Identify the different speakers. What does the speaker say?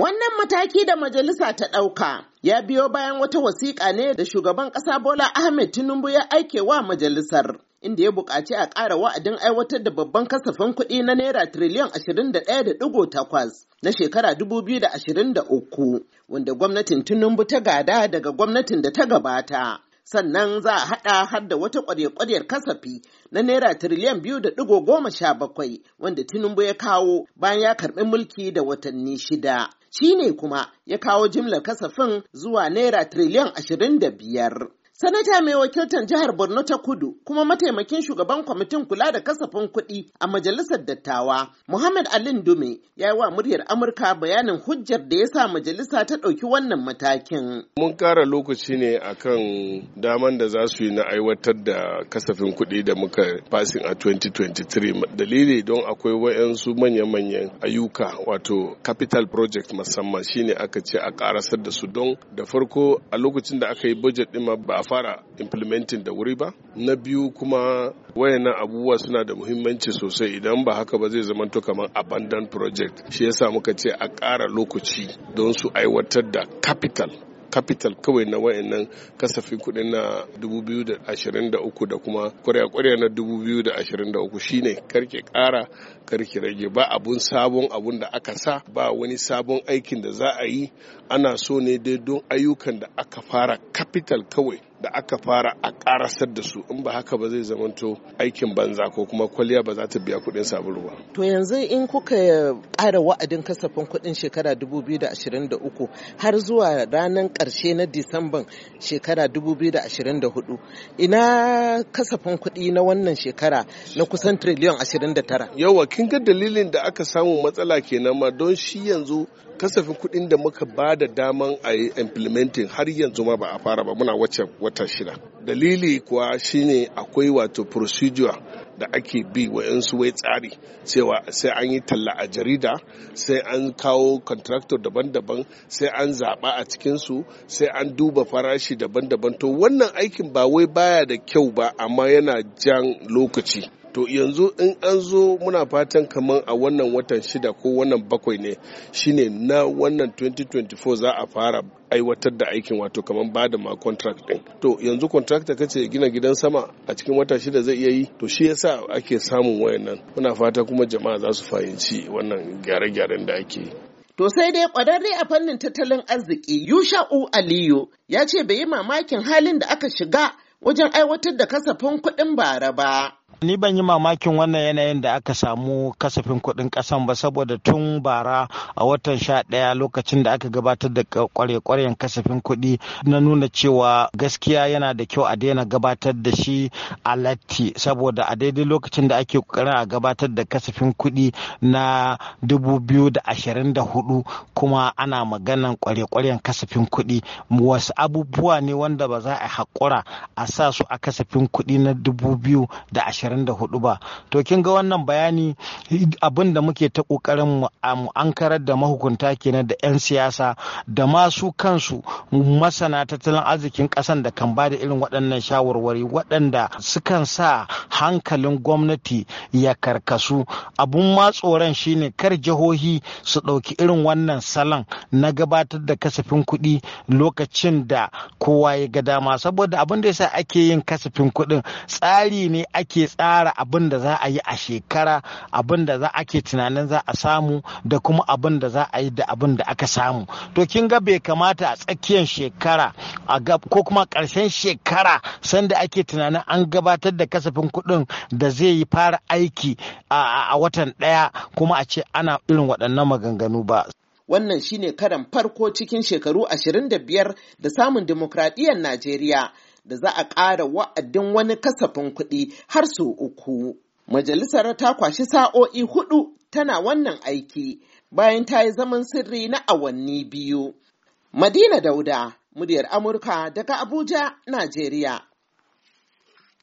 Speaker 1: Wannan mataki da majalisa ta ɗauka ya biyo bayan wata wasiƙa ne da shugaban ƙasa Bola Ahmed Tinubu ya aike wa majalisar. Inda ya buƙaci a ƙara wa'adin aiwatar da babban kasafin kuɗi na Naira tiriliyan da 21.8 na shekara da 2023, wanda gwamnatin Tinubu ta gada daga gwamnatin da ta gabata. sannan za a haɗa har da wata ƙwarya-ƙwaryar kasafi na naira tiriliyan biyu da ɗigo goma sha bakwai wanda tinubu ya kawo bayan ya karɓi mulki da watanni shida. shi ne kuma ya kawo jimlar kasafin zuwa naira tiriliyan ashirin da biyar. Sanata mai wakiltar jihar Borno ta Kudu kuma mataimakin shugaban kwamitin kula da kasafin kuɗi a majalisar dattawa Muhammad Alin Dume ya yi wa muryar Amurka bayanin hujjar da ya sa majalisa ta ɗauki wannan matakin.
Speaker 2: Mun kara lokaci ne akan daman da za su yi na aiwatar da kasafin kuɗi da muka fasin a 2023 dalili don akwai wayansu manya-manyan ayyuka wato capital project musamman shine aka ce a ƙarasar da su don da farko a lokacin da aka yi budget ɗin ba fara implementing da wuri ba na biyu kuma wayannan abubuwa suna da muhimmanci sosai idan ba haka ba zai to kamar abandon project shi yasa muka ce a ƙara lokaci don su aiwatar da capital capital kawai na wayannan kasafin kudin na 2023 da kuma kwarya-kwarya na 2023 shine karke kara karke rage ba abun sabon abun da aka sa ba wani sabon aikin da za a yi ana so ne dai don ayyukan da aka fara capital kawai da aka fara a karasar da su in ba haka ba zai zamanto aikin banza ko kuma kwalliya ba za ta biya kuɗin sabulu ba.
Speaker 1: To yanzu in kuka ƙara wa'adin kasafin kuɗin shekara 2023 har zuwa ranar ƙarshe na Disamban shekara 2024 ina kasafin kuɗi na wannan shekara na kusan triliyon 29.
Speaker 2: Yawa kin ga dalilin da aka samu matsala kenan ma don shi yanzu kasafin kuɗin da muka ba da daman a yi implementing har yanzu ma ba a fara ba muna wacce wata shida dalili kuwa shine akwai wato procedure da ake bi wa wa'yansu wai tsari cewa sai an yi talla a jarida sai an kawo contractor daban-daban sai an zaɓa a cikinsu sai an duba farashi daban-daban to wannan aikin ba wai baya da kyau ba amma yana jan lokaci to yanzu in an zo muna fatan kamar a wannan watan shida ko wannan bakwai ne shine na wannan 2024 za a fara aiwatar da aikin wato kamar ba da ma contract din to yanzu contractor ce gina gidan sama a cikin wata shida zai iya yi to shi yasa ake samun wayannan muna fata kuma jama'a za su fahimci wannan gyare-gyaren da ake To
Speaker 1: sai dai kwararre a fannin tattalin arziki Yusha'u Aliyu ya ce bai yi mamakin halin da aka shiga wajen aiwatar da kasafin kuɗin bara ba.
Speaker 3: Ni ban yi mamakin wannan yanayin da aka samu kasafin kuɗin ƙasan ba saboda tun bara a watan sha ɗaya lokacin da aka gabatar da kware kasafin kuɗi na nuna cewa gaskiya yana da kyau a daina gabatar da shi a latti saboda a daidai lokacin da ake ƙoƙarin a gabatar da kasafin kuɗi na dubu biyu da ashirin da hudu kuma ana maganan kware kasafin kuɗi wasu abubuwa ne wanda ba za a haƙura a sa su a kasafin kuɗi na dubu biyu da ashirin 24 ba to kin ga wannan bayani abin da muke ta kokarin mu ankarar da mahukunta kenan da 'yan siyasa da masu kansu masana tattalin arzikin kasan da kan bada irin waɗannan shawarwari waɗanda sukan sa hankalin gwamnati ya karkasu abun ma tsoron shine kar jihohi su ɗauki irin wannan salon na gabatar da kasafin kuɗi lokacin da kowa ya ga dama saboda abin da yasa ake yin kasafin kuɗin tsari ne ake tsara abin da za a yi a shekara abin da za ake tunanin za a samu da kuma abin da za a yi da abin da aka samu to kin ga bai kamata a tsakiyar shekara a gab ko kuma ƙarshen shekara sanda ake tunanin an gabatar da kasafin kuɗin da zai yi fara aiki a watan ɗaya kuma a ce ana irin waɗannan maganganu ba
Speaker 1: wannan shine karan farko cikin shekaru 25 da samun dimokuraɗiyyar Najeriya da za a ƙara wa'adin wani kasafin kuɗi har su uku. Majalisar ta kwashi sa'o'i hudu tana wannan aiki bayan ta yi zaman sirri na awanni biyu. Madina Dauda, muryar Amurka daga Abuja, Najeriya.